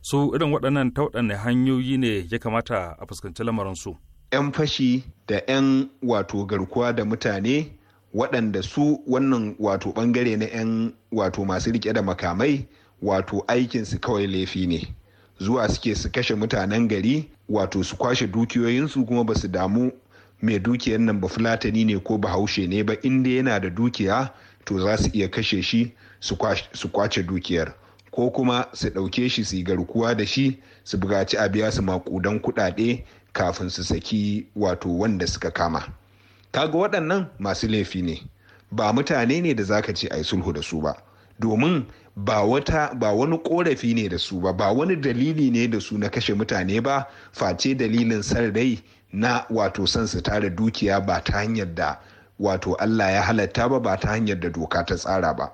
su irin waɗannan ta waɗanne hanyoyi ne ya kamata a fuskanci su 'yan fashi da 'yan wato garkuwa da mutane waɗanda su wannan wato ɓangare na 'yan wato masu riƙe da makamai wato aikinsu kawai laifi ne zuwa suke su kashe mutanen gari wato su kwashe dukiyoyinsu kuma ba su damu mai dukiyar nan ba fulatani ne ko bahaushe ne ba inda yana da dukiya to za su iya kashe shi su kwace dukiyar ko kuma su ɗauke shi su yi garkuwa da shi su bugaci a biya su makudan kuɗaɗe kafin su saki wato wanda suka kama kaga waɗannan masu laifi ne ba mutane ne da zaka ce a yi sulhu da su ba domin ba wata ba wani korafi ne da su ba ba wani dalili ne da su na kashe mutane ba face dalilin san rai na wato son su tara dukiya ba ta hanyar da wato Allah ya halatta ba ba ta hanyar da doka ta tsara ba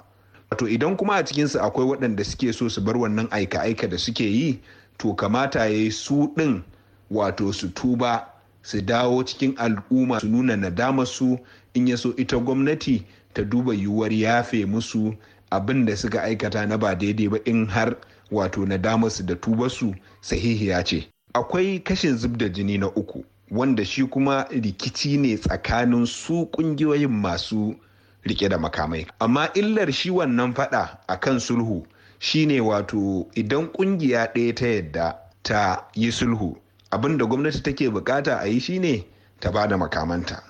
wato idan kuma a cikinsu akwai waɗanda suke so su bar wannan aika-aika da suke yi to kamata ya yi su ɗin wato su tuba su dawo cikin al'umma su nuna nadamarsu in ya so ita gwamnati ta duba yiwuwar yafe musu abin da suka aikata na ba daidai ba in har wato nadamarsu da tubarsu sahihiya ce akwai kashin zub da jini na uku wanda shi kuma rikici ne tsakanin su kungiyoyin masu rike da makamai amma illar shi wannan fada a kan sulhu shine wato idan kungiya ɗaya ta yadda ta yi sulhu abinda gwamnati take bukata a yi shine ta bada makamanta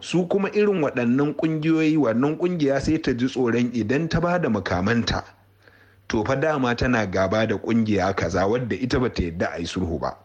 su kuma irin waɗannan ƙungiyoyi wannan ƙungiya sai ta ji tsoron idan ta bada makamanta to fa dama tana gaba da ƙungiya kaza wadda ita ba ta yadda a yi sulhu ba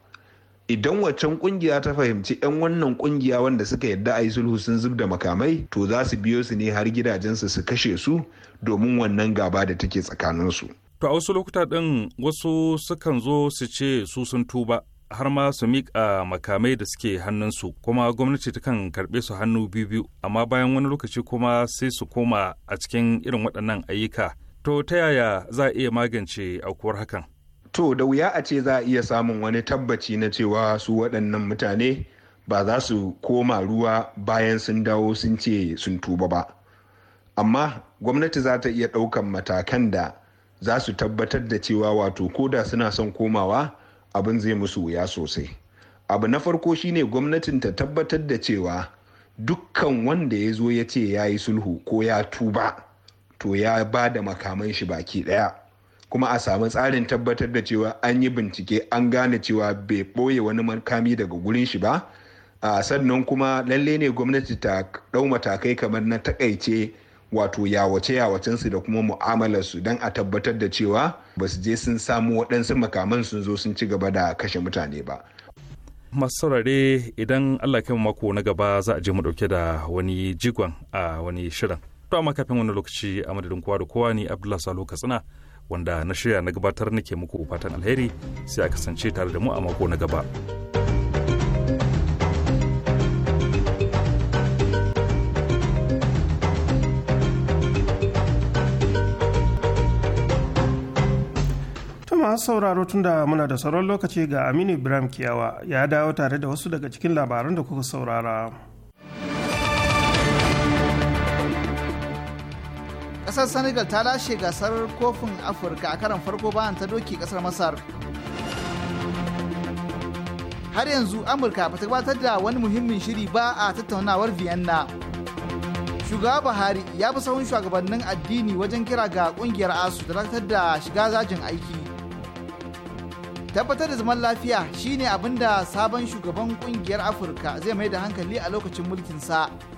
idan waccan kungiya ta fahimci 'yan wannan kungiya wanda suka yadda a yi sulhu sun zub da makamai to za su biyo su ne har gidajensu su kashe su domin wannan gaba da take tsakanin su. To a wasu lokuta ɗin wasu sukan zo su ce su sun tuba har ma su miƙa makamai da suke hannunsu kuma gwamnati ta kan karɓe su hannu biyu biyu amma bayan wani lokaci kuma sai su koma a cikin irin waɗannan ayyuka. To ta yaya za a iya magance aukuwar hakan? to da wuya a ce za a iya samun wani tabbaci na cewa su waɗannan mutane ba za su koma ruwa bayan sun dawo sun ce sun tuba ba amma gwamnati za ta iya ɗaukan matakan da za su tabbatar da cewa wato ko da suna son komawa abin zai musu wuya sosai abu na farko shine gwamnatin ta tabbatar da cewa dukkan wanda ya zo ya ce ya yi sulhu ko ya tuba to ya ba da makaman shi baki ɗaya kuma a samu tsarin tabbatar da cewa an yi bincike an gane cewa bai ɓoye wani makami daga gurin shi ba a sannan kuma lalle ne gwamnati ta ɗau matakai kamar na takaice wato yawace yawacensu da kuma mu'amalarsu don a tabbatar da cewa ba su je sun samu waɗansu makaman sun zo sun ci gaba da kashe mutane ba masu saurare idan allah kai mako na gaba za a je mu dauke da wani jigon a wani shirin to amma kafin wani lokaci a madadin kowa da kowa ne abdullahi salo katsina wanda na shirya na gabatar nake muku fatan alheri sai a kasance tare da mu a mako na gaba. masu sauraro tun da muna da sauran lokaci ga aminu ibrahim kiyawa ya dawo tare da wasu daga cikin labaran da kuka saurara. kasar senegal ta lashe gasar kofin afirka a karan farko bayan ta doki kasar masar har yanzu amurka ba ta gabatar da wani muhimmin shiri ba a tattaunawar vienna shugaba buhari ya fi sahun shugabannin addini wajen kira ga kungiyar asu da ratar da shiga zajin aiki tabbatar da zaman lafiya shine abinda sabon shugaban kungiyar afirka zai mai da hankali a lokacin mulkinsa. sa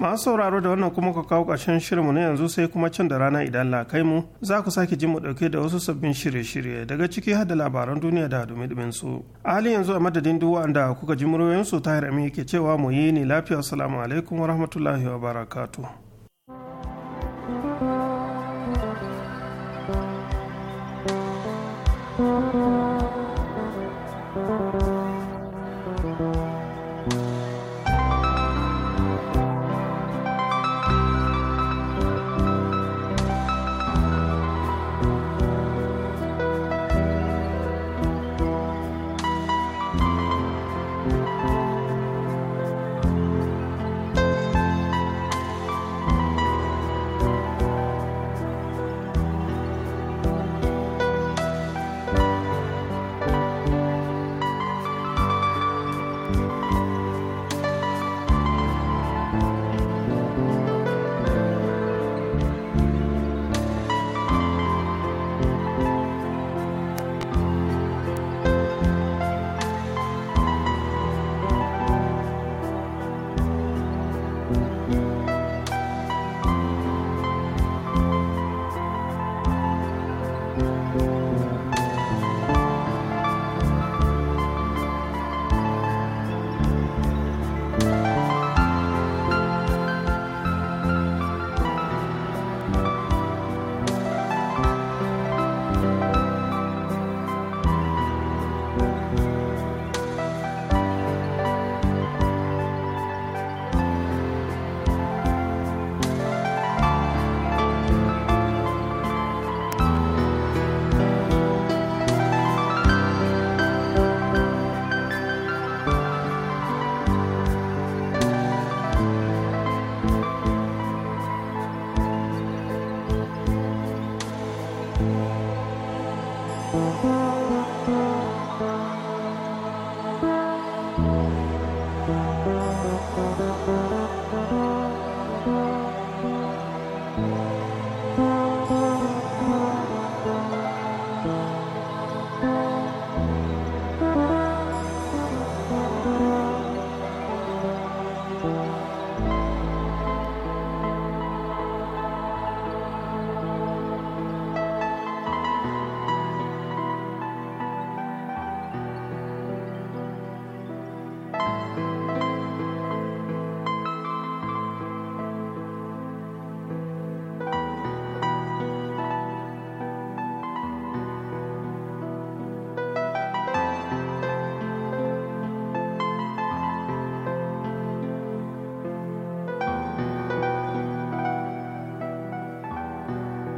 masu sauraro da wannan kuma ka kawo ƙarshen shirinmu na yanzu sai kuma can da rana idan la kai mu za ku sake ji mu ɗauke da wasu sabbin shirye-shirye daga ciki har da labaran duniya da dumi su a halin yanzu a madadin duk wanda kuka ji muryoyinsu tahir amin yake cewa mu yi ni lafiya assalamu alaikum wa rahmatullahi wa barakatuh